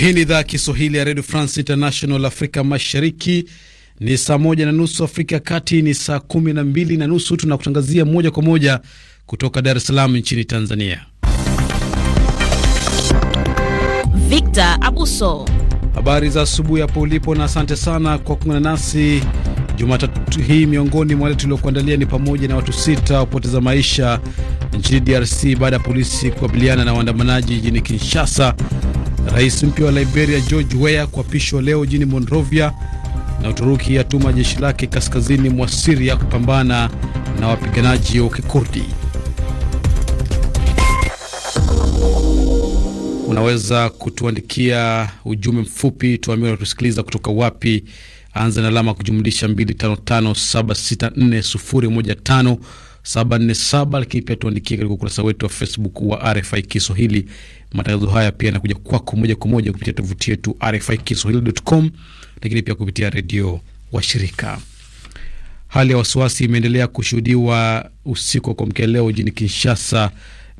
Hii ni idhaa Kiswahili ya redio France International. Afrika Mashariki ni saa moja na nusu, Afrika ya Kati ni saa kumi na mbili na nusu. Tunakutangazia moja kwa moja kutoka Dar es Salaam nchini Tanzania. Victor Abuso, habari za asubuhi hapo ulipo, na asante sana kwa kuungana nasi Jumatatu hii. Miongoni mwa wale tuliokuandalia ni pamoja na watu sita wapoteza maisha nchini DRC baada ya polisi kukabiliana na waandamanaji jijini Kinshasa. Rais mpya wa Liberia George Weah kuapishwa leo jijini Monrovia, na Uturuki yatuma jeshi lake kaskazini mwa Siria kupambana na wapiganaji wa Kikurdi. Unaweza kutuandikia ujumbe mfupi, tuambie unatusikiliza kutoka wapi anza na alama kujumlisha 255764015747 lakini pia tuandikie katika ukurasa wetu wa Facebook wa RFI Kiswahili. Matangazo haya pia yanakuja kwako moja kwa moja kupitia tovuti yetu RFI Kiswahili.com, lakini pia kupitia redio shirika. Hali ya wasiwasi imeendelea kushuhudiwa usiku wa kuamkia leo jijini Kinshasa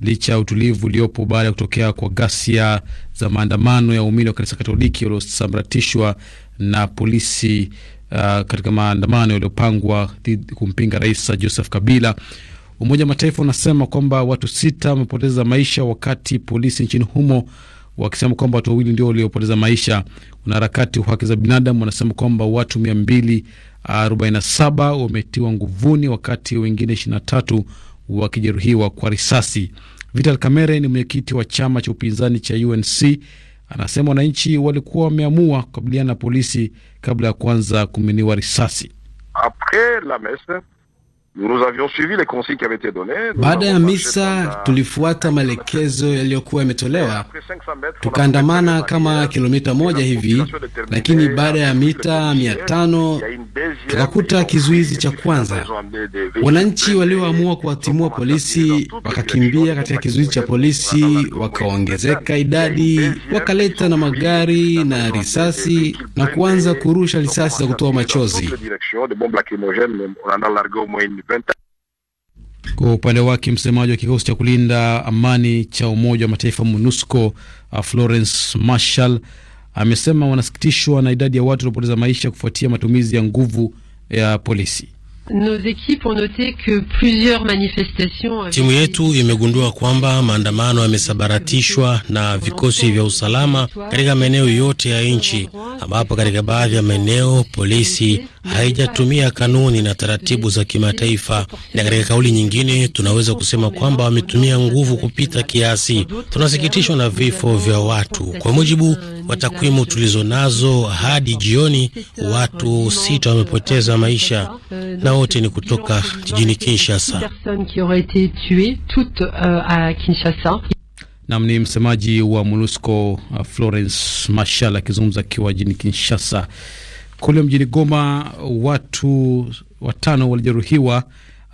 licha ya utulivu uliopo baada ya kutokea kwa ghasia za maandamano ya waumini wa kanisa Katoliki waliosambaratishwa na polisi uh, katika maandamano yaliyopangwa kumpinga Rais Joseph Kabila. Umoja wa Mataifa unasema kwamba watu sita wamepoteza maisha, wakati polisi nchini humo wakisema kwamba watu wawili ndio waliopoteza maisha. Wanaharakati wa haki za binadamu wanasema kwamba watu 247 wametiwa nguvuni, wakati wengine 23 wakijeruhiwa kwa risasi. Vital Kamerhe ni mwenyekiti wa chama cha upinzani cha UNC anasema wananchi walikuwa wameamua kukabiliana na polisi kabla ya kuanza kuminiwa risasi. Baada ya misa tulifuata maelekezo yaliyokuwa yametolewa, tukaandamana kama kilomita moja hivi, lakini baada ya mita mia tano tukakuta kizuizi cha kwanza. Wananchi walioamua kuwatimua polisi wakakimbia katika kizuizi cha polisi, wakaongezeka idadi, wakaleta na magari na risasi na kuanza kurusha risasi za kutoa machozi. Kwa upande wake msemaji wa kikosi cha kulinda amani cha Umoja wa Mataifa MONUSCO uh, Florence Marshall amesema wanasikitishwa na idadi ya watu waliopoteza maisha kufuatia matumizi ya nguvu ya polisi. Timu yetu imegundua kwamba maandamano yamesabaratishwa na vikosi vya usalama katika maeneo yote ya nchi, ambapo katika baadhi ya maeneo polisi haijatumia kanuni na taratibu za kimataifa. Na katika kauli nyingine, tunaweza kusema kwamba wametumia nguvu kupita kiasi. Tunasikitishwa na vifo vya watu. Kwa mujibu wa takwimu tulizo nazo, hadi jioni watu sita wamepoteza maisha na wote ni kutoka jijini euh, Kinshasa. Nam ni msemaji wa MONUSCO uh, Florence Mashal akizungumza akiwa jijini Kinshasa. Kule mjini Goma watu watano walijeruhiwa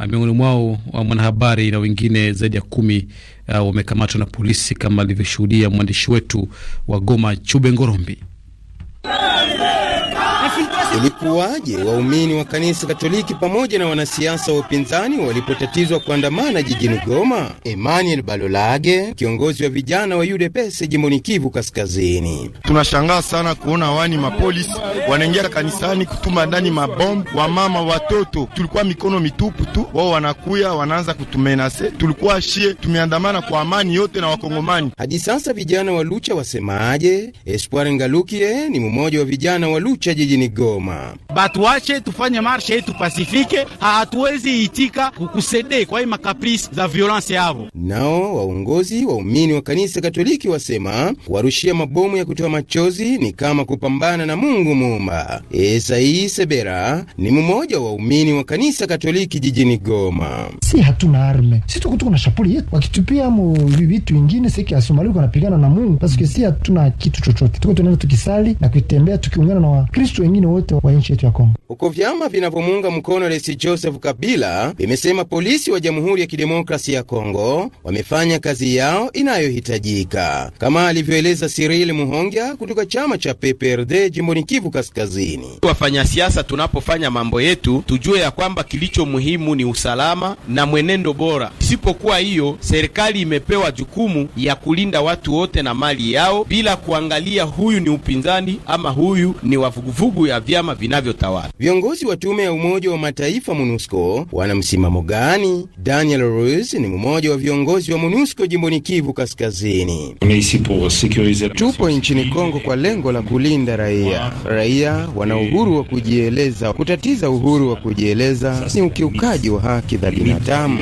uh, miongoni mwao wa uh, mwanahabari na wengine zaidi ya kumi uh, wamekamatwa na polisi kama alivyoshuhudia mwandishi wetu wa Goma Chube Ngorombi. Ilikuwaje waumini wa kanisa Katoliki pamoja na wanasiasa wa upinzani walipotatizwa kuandamana jijini Goma? Emmanuel Balolage, kiongozi wa vijana wa UDPS jimboni Kivu Kaskazini: tunashangaa sana kuona wani mapolisi wanaingia kanisani kutuma ndani mabomu, wamama, watoto. Tulikuwa mikono mitupu tu, wao wanakuya wanaanza kutumenase. Tulikuwa shie tumeandamana kwa amani yote na Wakongomani. Hadi sasa vijana wa Lucha wasemaje? Espoir Ngalukie ni mmoja wa vijana wa Lucha jijini Goma. Goma. Batuache tufanye marsha yetu pasifike, hatuwezi itika kukusede kwa hii makaprisi za violence yavo. Nao waongozi waumini wa kanisa Katoliki wasema kuwarushia mabomu ya kutoa machozi ni kama kupambana na Mungu Muumba. Esai Sebera ni mmoja wa waumini wa kanisa Katoliki jijini Goma. Si hatuna arme, si tuko tuko na shapuli yetu, wakitupia mu vitu vingine siki asumali kwa na Mungu, paske si hatuna kitu chochote, tuko tunaenda tukisali na kutembea tukiungana na Wakristo wengine wote wote wa nchi yetu ya Kongo. Huko vyama vinavyomuunga mkono Rais Joseph Kabila vimesema polisi wa Jamhuri ya Kidemokrasia ya Kongo wamefanya kazi yao inayohitajika, kama alivyoeleza Cyril Muhongia kutoka chama cha PPRD jimboni Kivu Kaskazini. Wafanya siasa, tunapofanya mambo yetu tujue ya kwamba kilicho muhimu ni usalama na mwenendo bora. Isipokuwa hiyo, serikali imepewa jukumu ya kulinda watu wote na mali yao bila kuangalia huyu ni upinzani ama huyu ni wavuguvugu ya vyama vyama vinavyotawala. Viongozi wa tume ya Umoja wa Mataifa MONUSCO wana msimamo gani? Daniel Ruiz ni mmoja wa viongozi wa MONUSCO jimboni Kivu Kaskazini. Tupo nchini Kongo kwa lengo la kulinda raia. Raia wana uhuru wa kujieleza. Kutatiza uhuru wa kujieleza ni ukiukaji wa haki za binadamu.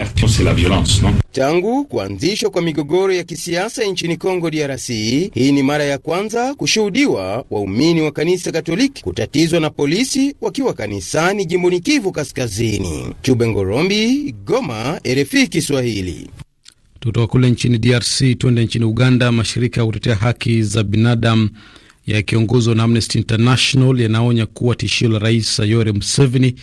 Tangu kuanzishwa kwa migogoro ya kisiasa nchini Kongo DRC, hii ni mara ya kwanza kushuhudiwa waumini wa kanisa Katoliki kutatizwa na polisi wakiwa kanisani jimboni Kivu Kaskazini. Chube Ngorombi, Goma, RFI Kiswahili. Tutoka kule nchini DRC tuende nchini Uganda. Mashirika ya kutetea haki za binadamu yakiongozwa na Amnesty International yanaonya kuwa tishio la Rais Yoweri Museveni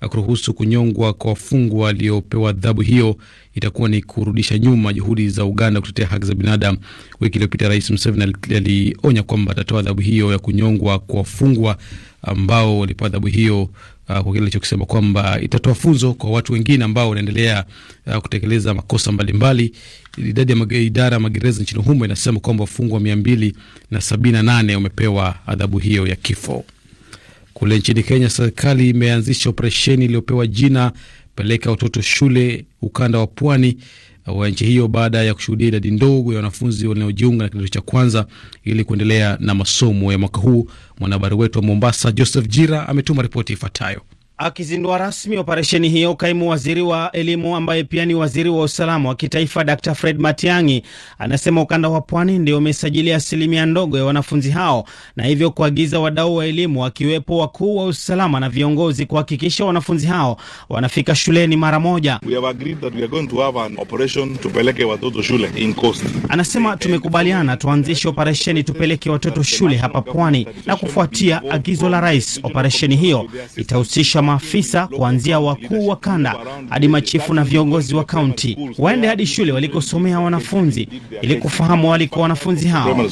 akuruhusu kunyongwa kwa wafungwa waliopewa adhabu hiyo itakuwa ni kurudisha nyuma juhudi za Uganda kutetea haki za binadamu. Wiki iliyopita Rais Museveni alionya kwamba atatoa adhabu hiyo ya kunyongwa kwa wafungwa ambao walipewa adhabu hiyo uh, kwa kile alichokisema kwamba itatoa funzo kwa watu wengine ambao wanaendelea uh, kutekeleza makosa mbalimbali. Idadi ya idara ya magereza nchini humo inasema kwamba wafungwa mia mbili na sabini na nane wamepewa adhabu hiyo ya kifo. Kule nchini Kenya, serikali imeanzisha operesheni iliyopewa jina peleka watoto shule ukanda wa pwani wa nchi hiyo baada ya kushuhudia idadi ndogo ya wanafunzi wanaojiunga na kidato cha kwanza ili kuendelea na masomo ya mwaka huu. Mwanahabari wetu wa Mombasa Joseph Jira ametuma ripoti ifuatayo. Akizindua rasmi operesheni hiyo, kaimu waziri wa elimu ambaye pia ni waziri wa usalama wa kitaifa Dr Fred Matiang'i anasema ukanda wa pwani ndio umesajili asilimia ndogo ya wanafunzi hao, na hivyo kuagiza wadau wa elimu wakiwepo wakuu wa usalama na viongozi kuhakikisha wanafunzi hao wanafika shuleni mara moja. Anasema tumekubaliana tuanzishe operesheni tupeleke watoto shule hapa pwani, na kufuatia agizo la rais, operesheni hiyo itahusisha maafisa kuanzia wakuu wa kanda hadi machifu na viongozi wa kaunti, waende hadi shule walikosomea wanafunzi ili kufahamu waliko wanafunzi hao.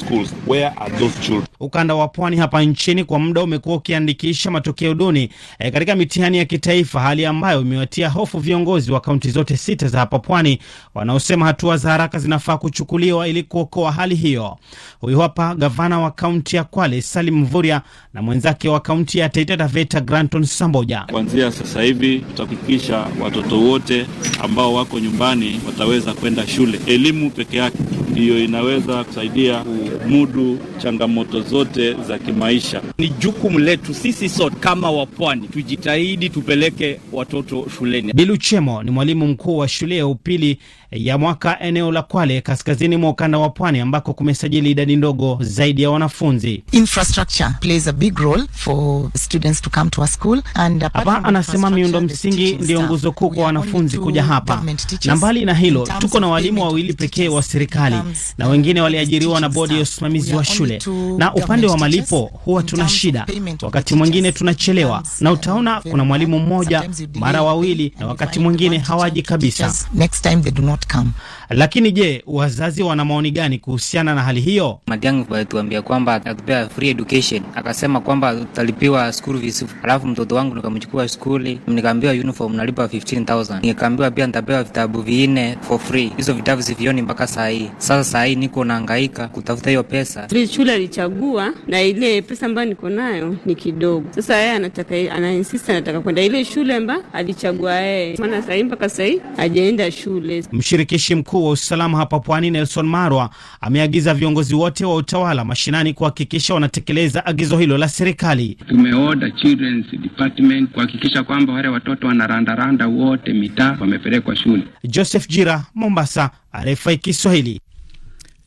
Ukanda wa pwani hapa nchini kwa muda umekuwa ukiandikisha matokeo duni e, katika mitihani ya kitaifa, hali ambayo imewatia hofu viongozi wa kaunti zote sita za hapa pwani wanaosema hatua za haraka zinafaa kuchukuliwa ili kuokoa hali hiyo. Huyu hapa gavana wa kaunti ya Kwale Salim Mvurya na mwenzake wa kaunti ya Taita Taveta Granton Samboja. Kuanzia sasa hivi tutahakikisha watoto wote ambao wako nyumbani wataweza kwenda shule. Elimu peke yake ndiyo inaweza kusaidia kumudu changamoto zote za kimaisha. Ni jukumu letu sisi sote kama wapwani, tujitahidi tupeleke watoto shuleni. Biluchemo ni mwalimu mkuu wa shule ya upili ya Mwaka, eneo la Kwale, kaskazini mwa ukanda wa Pwani, ambako kumesajili idadi ndogo zaidi ya wanafunzi. Infrastructure plays a big role for students to come to a school and hapa anasema miundo msingi ndiyo nguzo kuu kwa wanafunzi kuja hapa, na mbali na hilo, tuko na walimu wawili pekee wa serikali na wengine waliajiriwa na bodi ya usimamizi wa shule. Na upande wa malipo huwa tuna shida, wakati mwingine tunachelewa, na utaona kuna mwalimu mmoja mara wawili, na wakati mwingine hawaji kabisa. Lakini je, wazazi wana maoni gani kuhusiana na hali hiyo? Madiangu alituambia kwamba atatupea free education, akasema kwamba utalipiwa school fees, alafu mtoto wangu nikamchukua nachukua skuli, nikaambiwa uniform nalipa 15000 nikaambiwa pia nitapewa vitabu vinne for free. Hizo vitabu sivioni mpaka saa hii. Sasa saa hii niko naangaika kutafuta hiyo pesa. Shule alichagua na ile pesa ambayo niko nayo ni kidogo. Sasa yeye anataka ana insist anataka kwenda ile shule ambayo alichagua yeye, maana saa hii mpaka saa hii hajaenda shule. Mshirikishi mkuu wa usalama hapa Pwani Nelson Marwa ameagiza viongozi wote wa utawala mashinani kuhakikisha wanatekeleza agizo hilo la serikali. Tumeoda Children's Department kuhakikisha kwamba wale watoto wanarandaranda wote mitaa wamepelekwa shule. Joseph Jira, Mombasa, RFI Kiswahili.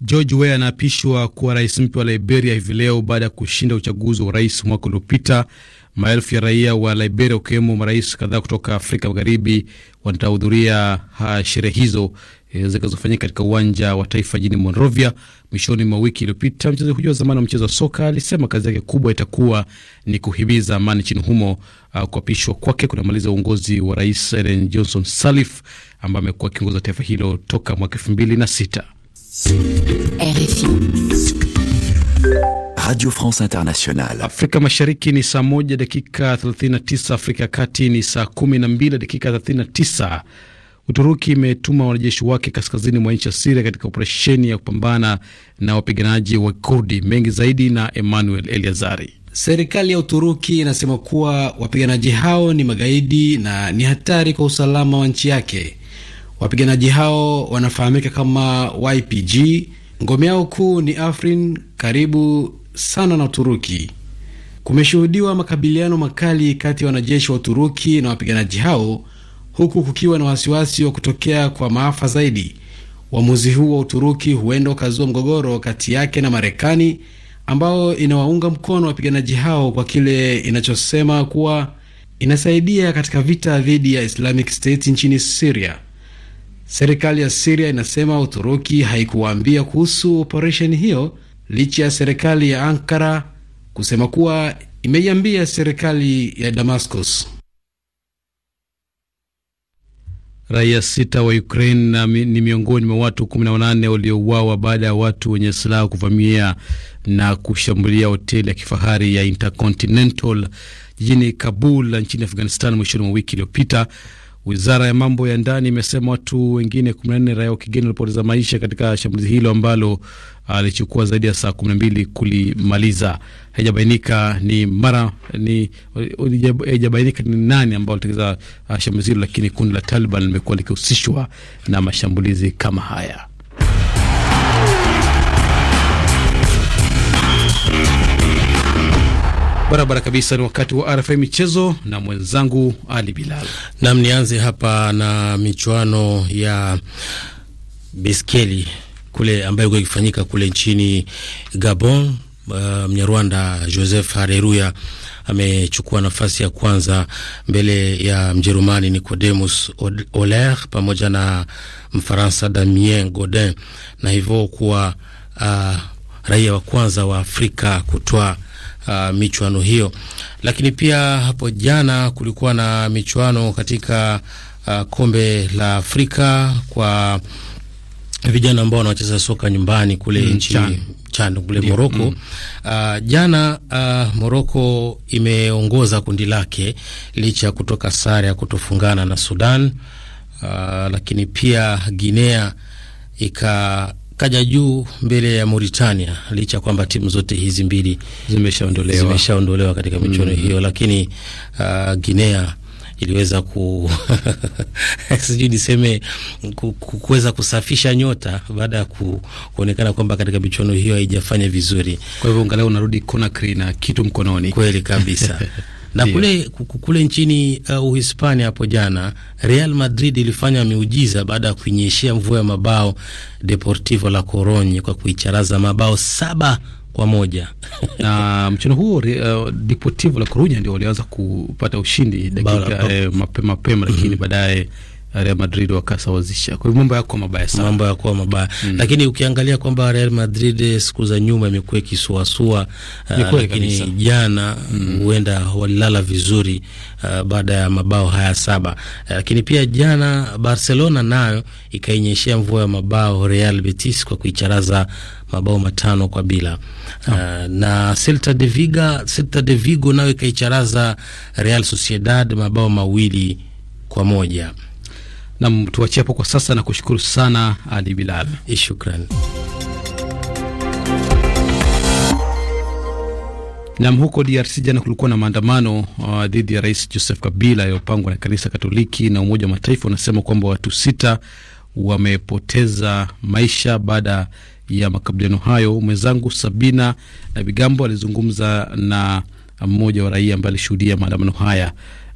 George Weah anaapishwa kuwa rais mpya wa Liberia hivi leo baada ya kushinda uchaguzi wa urais mwaka uliopita. Maelfu ya raia wa Liberia, wakiwemo marais kadhaa kutoka Afrika Magharibi, watahudhuria sherehe hizo eh, zitakazofanyika katika uwanja wa taifa jijini Monrovia mwishoni mwa wiki iliyopita. Mchezaji huyo wa zamani wa mchezo wa soka alisema kazi yake kubwa itakuwa ni kuhimiza amani nchini humo. Uh, kuapishwa kwake kunamaliza uongozi wa rais Ellen Johnson Sirleaf ambaye amekuwa akiongoza taifa hilo toka mwaka elfu mbili na sita. RFI Radio France Internationale. Afrika Mashariki ni saa moja dakika 39, Afrika ya Kati ni saa 12 dakika 39. Uturuki imetuma wanajeshi wake kaskazini mwa nchi ya Siria katika operesheni ya kupambana na wapiganaji wa Kurdi. Mengi zaidi na Emmanuel Eliazari. Serikali ya Uturuki inasema kuwa wapiganaji hao ni magaidi na ni hatari kwa usalama wa nchi yake. Wapiganaji hao wanafahamika kama YPG. Ngome yao kuu ni Afrin, karibu sana na Uturuki. Kumeshuhudiwa makabiliano makali kati ya wanajeshi wa Uturuki na wapiganaji hao, huku kukiwa na wasiwasi wa kutokea kwa maafa zaidi. Uamuzi huu wa Uturuki huenda ukazua mgogoro kati yake na Marekani, ambao inawaunga mkono wapiganaji hao kwa kile inachosema kuwa inasaidia katika vita dhidi ya Islamic State nchini Siria. Serikali ya Siria inasema Uturuki haikuwaambia kuhusu operesheni hiyo licha ya serikali ya Ankara kusema kuwa imeiambia serikali ya Damascus. Raia sita wa Ukraine ni miongoni mwa watu 18 waliouawa baada ya watu wenye silaha kuvamia na kushambulia hoteli ya kifahari ya Intercontinental jijini Kabul nchini Afghanistan mwishoni mwa wiki iliyopita, Wizara ya mambo ya ndani imesema watu wengine 14 raia wa kigeni walipoteza maisha katika shambulizi hilo ambalo alichukua ah, zaidi ya saa 12 kulimaliza. Haijabainika ni mara ni haijabainika ni nani ambao alitekeleza ah, shambulizi hilo, lakini kundi la Taliban limekuwa likihusishwa na mashambulizi kama haya. Barabara kabisa, ni wakati wa RFI michezo na mwenzangu Ali Bilal. Nam, nianze hapa na michuano ya biskeli kule ambayo ilikuwa ikifanyika kule nchini Gabon. Uh, Mnyarwanda Joseph Hareruya amechukua nafasi ya kwanza mbele ya Mjerumani Nicodemus Oler pamoja na Mfaransa Damien Godin na hivyo kuwa uh, raia wa kwanza wa Afrika kutoa uh, michuano hiyo. Lakini pia hapo jana kulikuwa na michuano katika uh, kombe la Afrika kwa vijana ambao wanacheza soka nyumbani kule mm, nchi Chan, kule Moroko mm. Uh, jana uh, Moroko imeongoza kundi lake licha ya kutoka sare ya kutofungana na Sudan uh, lakini pia Guinea ika kaja juu mbele ya Mauritania, licha kwamba timu zote hizi mbili zimeshaondolewa zimeshaondolewa katika michuano mm hiyo, lakini uh, Guinea iliweza ku sijui niseme kuweza kusafisha nyota baada ya ku, kuonekana kwamba katika michuano hiyo haijafanya vizuri. Kwa hivyo angalau unarudi Conakry na kitu mkononi, kweli kabisa na Dio. Kule kule nchini uh, Uhispania hapo jana Real Madrid ilifanya miujiza baada ya kuinyeshea mvua ya mabao Deportivo la Coruña kwa kuicharaza mabao saba kwa moja na mchezo huo uh, Deportivo la Coruña ndio walianza kupata ushindi dakika eh, mapema mapema, lakini mhm. baadaye Real Madrid wakasawazisha. Kwa hivyo mambo yakuwa mabaya sana, mambo yakuwa mabaya mm. Lakini ukiangalia kwamba Real Madrid eh, siku za nyuma imekuwa ikisuasua, uh, lakini jana mm, mm. huenda mm. walilala vizuri uh, baada ya mabao haya saba uh, lakini pia jana Barcelona nayo ikainyeshea mvua ya mabao Real Betis kwa kuicharaza mabao matano kwa bila oh. Uh, na Celta de Vigo, Celta de Vigo nayo ikaicharaza Real Sociedad mabao mawili kwa moja. Nam, tuachie hapo kwa sasa na kushukuru sana Ali Bilal. Shukran. Nam, huko DRC jana kulikuwa na maandamano uh, dhidi ya Rais Joseph Kabila yaliyopangwa na kanisa Katoliki na Umoja wa Mataifa unasema kwamba watu sita wamepoteza maisha baada ya makabiliano hayo. Mwenzangu Sabina na uh, Bigambo alizungumza na mmoja wa raia ambaye alishuhudia maandamano haya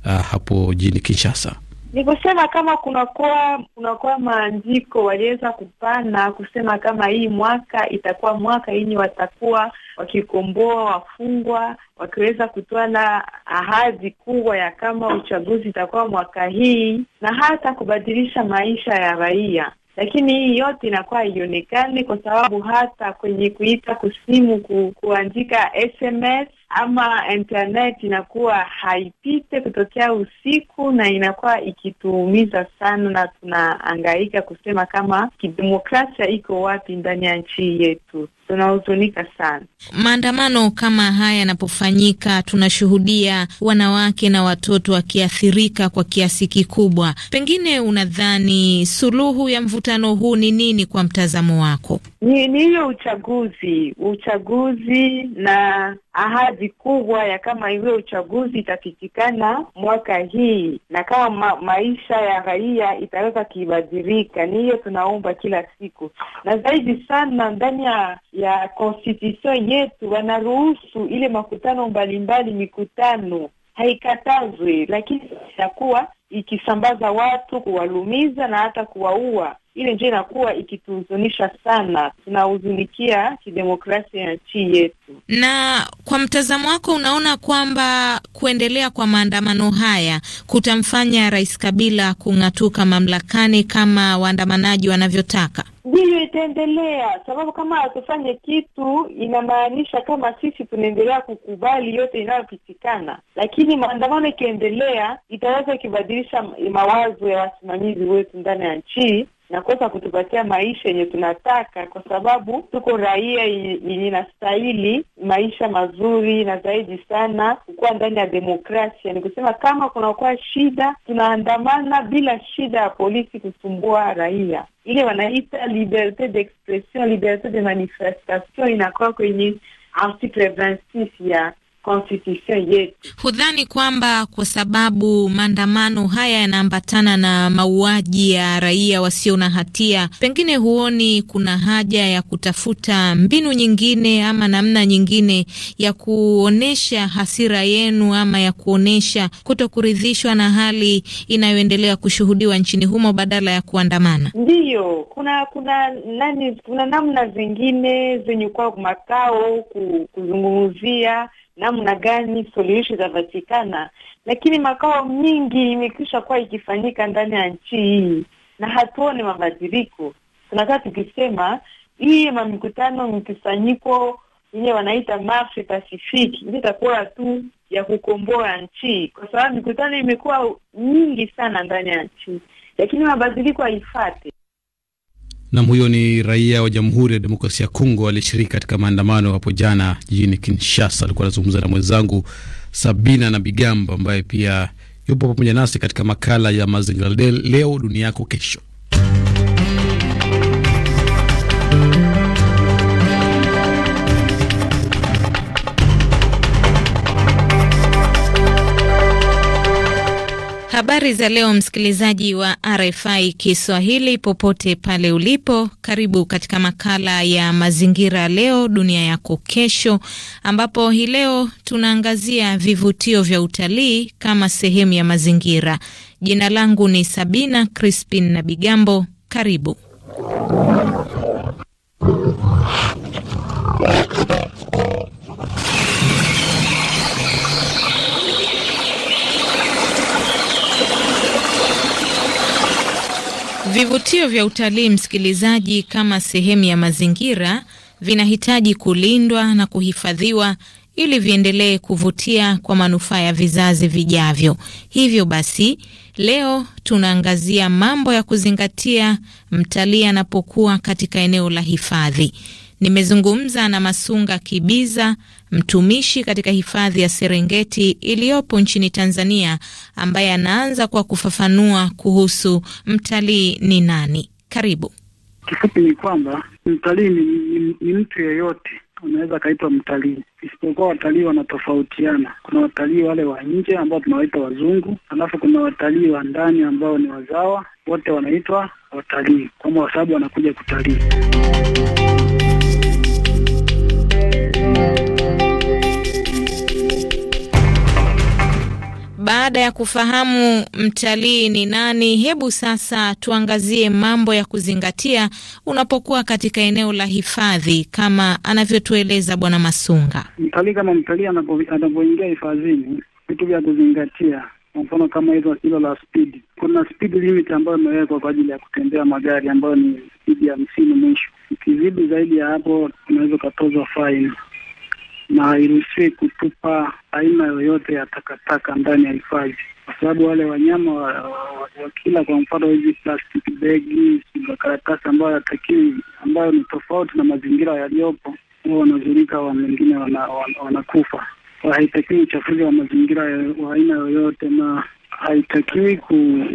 uh, hapo jijini Kinshasa ni kusema kama kunakuwa kunakuwa maandiko waliweza kupana kusema kama hii mwaka itakuwa mwaka yenye watakuwa wakikomboa wafungwa, wakiweza kutwala ahadi kubwa ya kama uchaguzi itakuwa mwaka hii na hata kubadilisha maisha ya raia lakini hii yote inakuwa haionekani kwa sababu hata kwenye kuita kusimu ku, kuandika SMS ama internet inakuwa haipite kutokea usiku, na inakuwa ikituumiza sana, na tunaangaika kusema kama kidemokrasia iko wapi ndani ya nchi yetu tunahuzunika sana. Maandamano kama haya yanapofanyika, tunashuhudia wanawake na watoto wakiathirika kwa kiasi kikubwa. Pengine unadhani suluhu ya mvutano huu ni nini kwa mtazamo wako? Ni hiyo uchaguzi, uchaguzi na ahadi kubwa ya kama iwe uchaguzi itafikikana mwaka hii na kama ma maisha ya raia itaweza kibadilika. Ni hiyo tunaomba kila siku, na zaidi sana ndani ya ya constitution yetu wanaruhusu ile makutano mbalimbali, mikutano haikatazwi, lakini itakuwa ikisambaza watu, kuwalumiza na hata kuwaua ile njia inakuwa ikituhuzunisha sana, tunahuzunikia kidemokrasia ya nchi yetu. Na kwa mtazamo wako, unaona kwamba kuendelea kwa maandamano haya kutamfanya Rais Kabila kung'atuka mamlakani kama waandamanaji wanavyotaka? Ndiyo, itaendelea sababu, kama hatufanye kitu, inamaanisha kama sisi tunaendelea kukubali yote inayopitikana, lakini maandamano ikiendelea, itaweza ikibadilisha mawazo ya wasimamizi wetu ndani ya nchi na kuweza kutupatia maisha yenye tunataka, kwa sababu tuko raia yenye inastahili maisha mazuri na zaidi sana kukuwa ndani ya demokrasia. Ni kusema kama kunakuwa shida, tunaandamana bila shida ya polisi kusumbua raia. Ile wanaita liberte d'expression, liberte de manifestation inakuwa kwenye article 26 ya constitution yetu. Hudhani kwamba kwa sababu maandamano haya yanaambatana na mauaji ya raia wasio na hatia, pengine huoni kuna haja ya kutafuta mbinu nyingine ama namna nyingine ya kuonyesha hasira yenu ama ya kuonesha kuto kuridhishwa na hali inayoendelea kushuhudiwa nchini humo badala ya kuandamana? Ndiyo, kuna kuna nani, kuna namna zingine zenye kwa makao kuzungumzia namna gani suluhishi zitapatikana, lakini makao mingi imekwisha kuwa ikifanyika ndani ya nchi hii na hatuone mabadiliko. Tunakaa tukisema hii mamikutano mkusanyiko yenye wanaita Marche Pacifique ndio itakuwa tu ya kukomboa nchi, kwa sababu mikutano imekuwa nyingi sana ndani ya nchi, lakini mabadiliko haifate. Nam, huyo ni raia wa Jamhuri ya Demokrasia ya Kongo aliyeshiriki katika maandamano hapo jana jijini Kinshasa. Alikuwa anazungumza na mwenzangu Sabina na Bigambo ambaye pia yupo pamoja nasi katika makala ya mazingira leo, dunia yako kesho. Habari za leo, msikilizaji wa RFI Kiswahili popote pale ulipo, karibu katika makala ya mazingira leo dunia yako kesho, ambapo hii leo tunaangazia vivutio vya utalii kama sehemu ya mazingira. Jina langu ni Sabina Crispin na Bigambo, karibu Vivutio vya utalii, msikilizaji, kama sehemu ya mazingira vinahitaji kulindwa na kuhifadhiwa ili viendelee kuvutia kwa manufaa ya vizazi vijavyo. Hivyo basi, leo tunaangazia mambo ya kuzingatia mtalii anapokuwa katika eneo la hifadhi. Nimezungumza na Masunga Kibiza, mtumishi katika hifadhi ya Serengeti iliyopo nchini Tanzania, ambaye anaanza kwa kufafanua kuhusu mtalii ni nani. Karibu. Kifupi ni kwamba mtalii ni, ni, ni mtu yeyote unaweza akaitwa mtalii, isipokuwa watalii wanatofautiana. Kuna watalii wale wa nje ambao tunawaita wazungu, alafu kuna watalii wa ndani ambao ni wazawa. Wote wanaitwa watalii kwa sababu wanakuja kutalii. Baada ya kufahamu mtalii ni nani, hebu sasa tuangazie mambo ya kuzingatia unapokuwa katika eneo la hifadhi, kama anavyotueleza Bwana Masunga. Mtalii kama mtalii anapoingia hifadhini, vitu vya kuzingatia kwa mfano kama hizo hilo la speed, kuna speed limit ambayo imewekwa kwa ajili ya kutembea magari ambayo ni speed ya hamsini. Mwisho ukizidi zaidi ya hapo, unaweza ukatozwa fine na hairuhusiwi kutupa aina yoyote ya takataka ndani ya hifadhi, kwa sababu wale wanyama wakila wa, wa kwa mfano hizi plastiki begi, makaratasi ambayo yatakiwi, ambayo ni tofauti na mazingira yaliyopo, huwa wanazurika, wengine wanakufa wana, wana haitakiwi uchafuzi wa mazingira wa aina yoyote, na haitakiwi ku,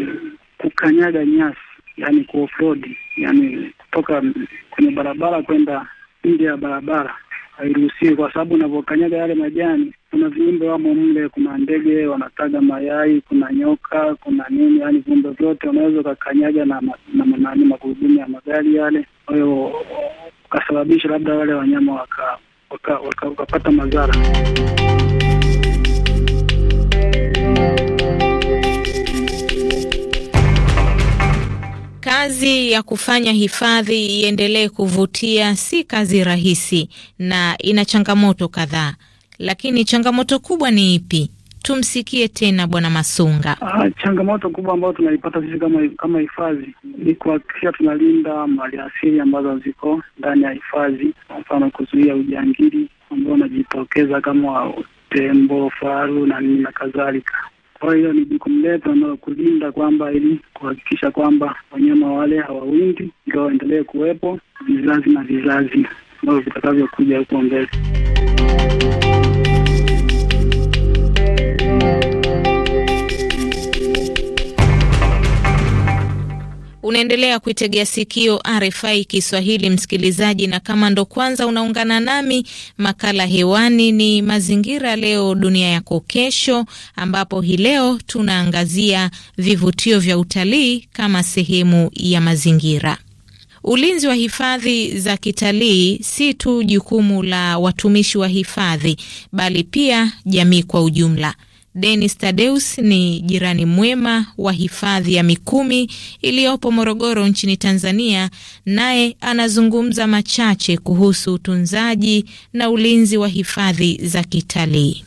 kukanyaga nyasi, yani ku offroad, yani kutoka kwenye barabara kwenda nje ya barabara hairuhusiwi kwa sababu unavyokanyaga yale majani, kuna viumbe wamo mle, kuna ndege wanataga mayai, kuna nyoka, kuna nini, yani viumbe vyote unaweza ukakanyaga na nani na, na, magurudumu ya magari yale, kwa hiyo ukasababisha labda wale wanyama waka wakapata waka, waka madhara. Kazi ya kufanya hifadhi iendelee kuvutia si kazi rahisi na ina changamoto kadhaa, lakini changamoto kubwa ni ipi? Tumsikie tena Bwana Masunga. Ah, changamoto kubwa ambayo tunaipata sisi kama kama hifadhi ni kuhakikisha tunalinda mali asili ambazo ziko ndani ya hifadhi, kwa mfano kuzuia ujangili ambao unajitokeza kama tembo, faru na nini na kadhalika. Kwa hiyo ni jukumu letu ambayo kulinda kwamba, ili kuhakikisha kwamba wanyama wale hawawindi, ingawa waendelee kuwepo vizazi na vizazi ambavyo vitakavyokuja huko mbele. Unaendelea kuitegea sikio RFI Kiswahili, msikilizaji, na kama ndo kwanza unaungana nami, makala hewani ni Mazingira Leo Dunia Yako Kesho, ambapo hii leo tunaangazia vivutio vya utalii kama sehemu ya mazingira. Ulinzi wa hifadhi za kitalii si tu jukumu la watumishi wa hifadhi, bali pia jamii kwa ujumla. Denis Tadeus ni jirani mwema wa hifadhi ya Mikumi iliyopo Morogoro nchini Tanzania, naye anazungumza machache kuhusu utunzaji na ulinzi wa hifadhi za kitalii.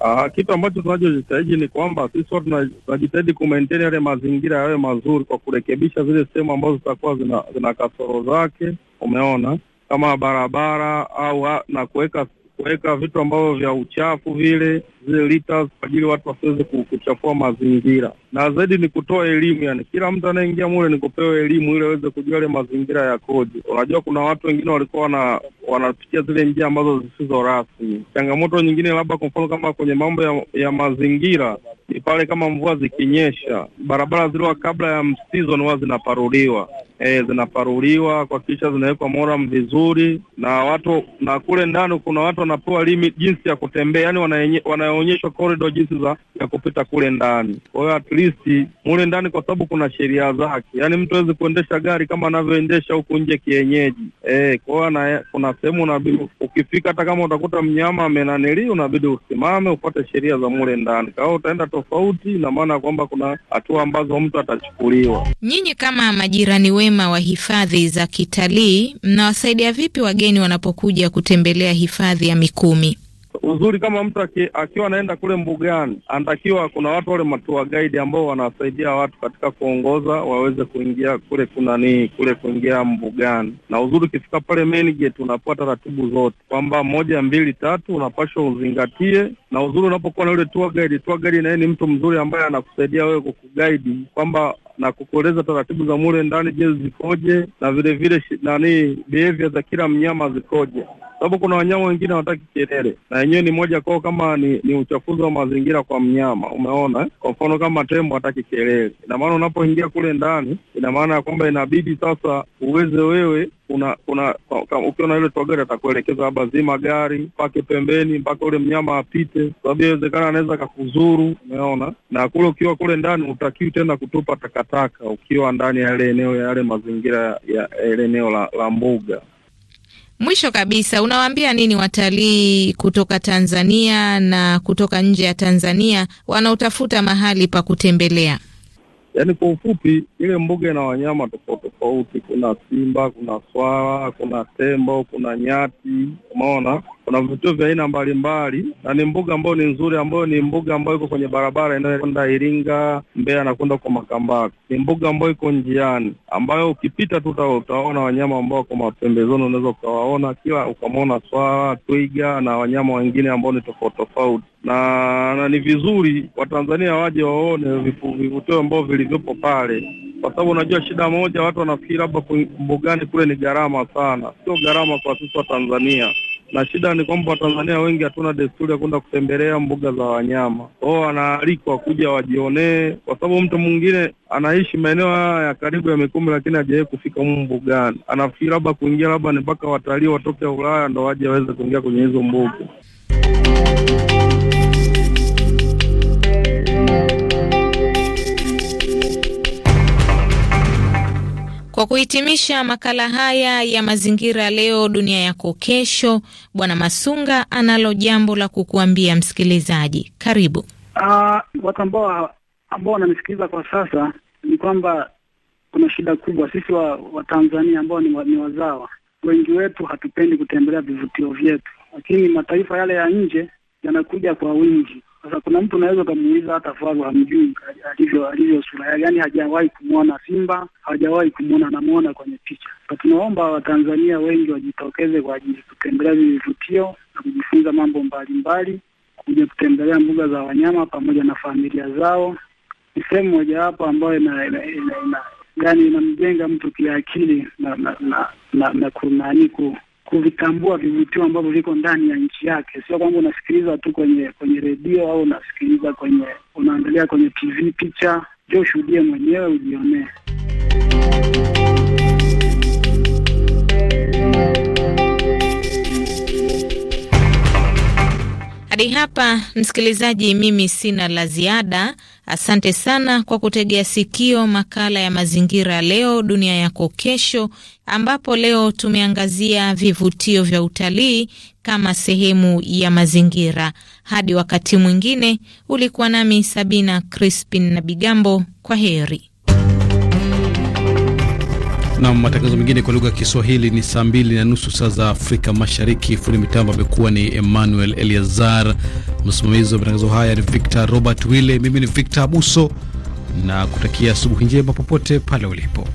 Uh, kitu ambacho tunachojitahidi ni kwamba sisi watu tunajitahidi kumaintain yale mazingira yawe mazuri kwa kurekebisha zile sehemu ambazo zitakuwa zina, zina kasoro zake, umeona kama barabara au na kuweka kuweka vitu ambavyo vya uchafu vile zile lita kwa ajili watu wasiweze kuchafua mazingira, na zaidi ni kutoa elimu, yani kila mtu anayeingia mule ni kupewa elimu ili aweze kujua ile mazingira ya koji Unajua, kuna watu wengine walikuwa wana wanapitia zile njia ambazo zisizo rasmi. Changamoto nyingine, labda kwa mfano kama kwenye mambo ya, ya mazingira ni pale kama mvua zikinyesha, barabara ziliwa kabla ya season huwa zinaparuliwa E, zinaparuliwa kisha zinawekwa moram vizuri, na watu na kule ndani kuna watu wanapewa limit jinsi ya kutembea, yani wanayo, tunaonyeshwa corridor jinsi za ya kupita kule ndani. Kwa hiyo at least mule ndani, kwa sababu kuna sheria zake, yaani mtu hawezi kuendesha gari kama anavyoendesha huku nje kienyeji. E, kwa hiyo kuna sehemu unabidi ukifika, hata kama utakuta mnyama amenanili, unabidi usimame upate sheria za mule ndani. Kwa hiyo utaenda tofauti, ina maana ya kwamba kuna hatua ambazo mtu atachukuliwa. Nyinyi kama majirani wema wa hifadhi za kitalii mnawasaidia vipi wageni wanapokuja kutembelea hifadhi ya Mikumi? uzuri kama mtu akiwa anaenda kule mbugani, anatakiwa kuna watu wale matua guide ambao wanawasaidia watu katika kuongoza waweze kuingia kule kunanii kule kuingia mbugani. Na uzuri ukifika pale main gate unapewa taratibu zote kwamba moja, mbili, tatu unapashwa uzingatie. Na uzuri unapokuwa na yule tour guide, tour guide naye ni mtu mzuri ambaye anakusaidia wewe kukuguide kwamba na kukueleza taratibu za mule ndani, je, zikoje, na vile vile nani behavior za kila mnyama zikoje sababu kuna wanyama wengine hawataki kelele, na yenyewe ni moja kwao, kama ni, ni uchafuzi wa mazingira kwa mnyama. Umeona, kwa mfano kama tembo hataki kelele, ina maana unapoingia kule ndani, ina maana ya kwamba inabidi sasa uweze wewe una, una, ukiwa na ile togari atakuelekeza labda zima gari, pake pembeni mpaka ule mnyama apite, sababu inawezekana anaweza kakuzuru. Umeona, na kule ukiwa kule ndani utakiwi tena kutupa takataka ukiwa ndani ya yale eneo ya yale mazingira ya ile eneo la, la mbuga. Mwisho kabisa, unawaambia nini watalii kutoka Tanzania na kutoka nje ya Tanzania wanaotafuta mahali pa kutembelea? Yaani kwa ufupi, ile mbuga ina wanyama tofauti tofauti. Kuna simba, kuna swara, kuna tembo, kuna nyati, umeona kuna vivutio vya aina mbalimbali na ni mbuga ambayo ni nzuri, ambayo ni mbuga ambayo iko kwenye barabara inayokwenda Iringa, Mbeya na kwenda kwa Makambako. Ni mbuga ambayo iko njiani, ambayo ukipita tu utaona wanyama ambao wako mapembezoni, unaweza ukawaona kila, ukamwona swala, twiga na wanyama wengine ambao ni tofauti tofauti. Na, na ni vizuri Watanzania waje waone vivutio ambao vilivyopo pale, kwa sababu unajua shida moja watu wanafikiri labda mbugani kule ni gharama sana. Sio gharama kwa sisi Watanzania, Tanzania na shida ni kwamba Watanzania wengi hatuna desturi ya kwenda kutembelea mbuga za wanyama. O, wanaalikwa kuja wajionee, kwa sababu mtu mwingine anaishi maeneo haya ya karibu ya Mikumi, lakini hajawahi kufika humu mbugani. Anafikiri labda kuingia labda ni mpaka watalii watoke Ulaya ndo waje waweze kuingia kwenye hizo mbuga. Kwa kuhitimisha makala haya ya mazingira leo dunia yako kesho, Bwana Masunga analo jambo la kukuambia msikilizaji. Karibu. Uh, watu ambao ambao wananisikiliza kwa sasa ni kwamba kuna shida kubwa. Sisi Watanzania wa ambao ni, ni wazawa wengi wetu hatupendi kutembelea vivutio vyetu, lakini mataifa yale ya nje yanakuja kwa wingi. Sasa kuna mtu unaweza ukamuuliza hata faru hamjui alivyo alivyo sura yake, yaani hajawahi kumwona simba, hajawahi kumwona, anamwona kwenye picha. Tunaomba Watanzania wengi wajitokeze kwa ajili kutembelea vivutio na kujifunza mambo mbalimbali, kuja kutembelea mbuga za wanyama pamoja na familia zao. Ni sehemu mojawapo ambayo ina, ina, ina, ina, yaani inamjenga mtu kiakili na na na, na, na kunani kuvitambua vivutio ambavyo viko ndani ya nchi yake, sio kwamba unasikiliza tu kwenye kwenye redio au unasikiliza kwenye unaangalia kwenye TV picha. Jo, ushuhudie mwenyewe, ujionee. Hadi hapa msikilizaji, mimi sina la ziada. Asante sana kwa kutegea sikio makala ya mazingira leo dunia yako kesho, ambapo leo tumeangazia vivutio vya utalii kama sehemu ya mazingira. Hadi wakati mwingine, ulikuwa nami Sabina Crispin na Bigambo. Kwa heri. nam matangazo mengine kwa lugha ya Kiswahili ni saa mbili na nusu saa za Afrika Mashariki. Fundi mitambo amekuwa ni Emmanuel Eliazar. Msimamizi wa matangazo haya ni Victor Robert Wille, mimi ni Victor Abuso na kutakia asubuhi njema popote pale ulipo.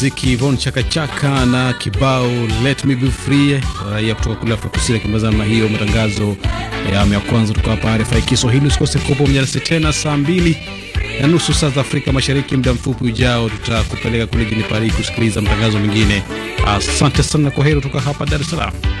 mwanamuziki Von Chakachaka na kibao Let Me Be Free, raia kutoka kule Afrika Kusini akimaliza namna hiyo matangazo ya awamu ya kwanza kutoka hapa RFI Kiswahili. Usikose kopo mjarasi tena saa mbili na nusu saa za Afrika Mashariki. Muda mfupi ujao tutakupeleka kule jini Paris kusikiliza matangazo mengine. Asante sana, kwa heri kutoka hapa Dar es Salaam.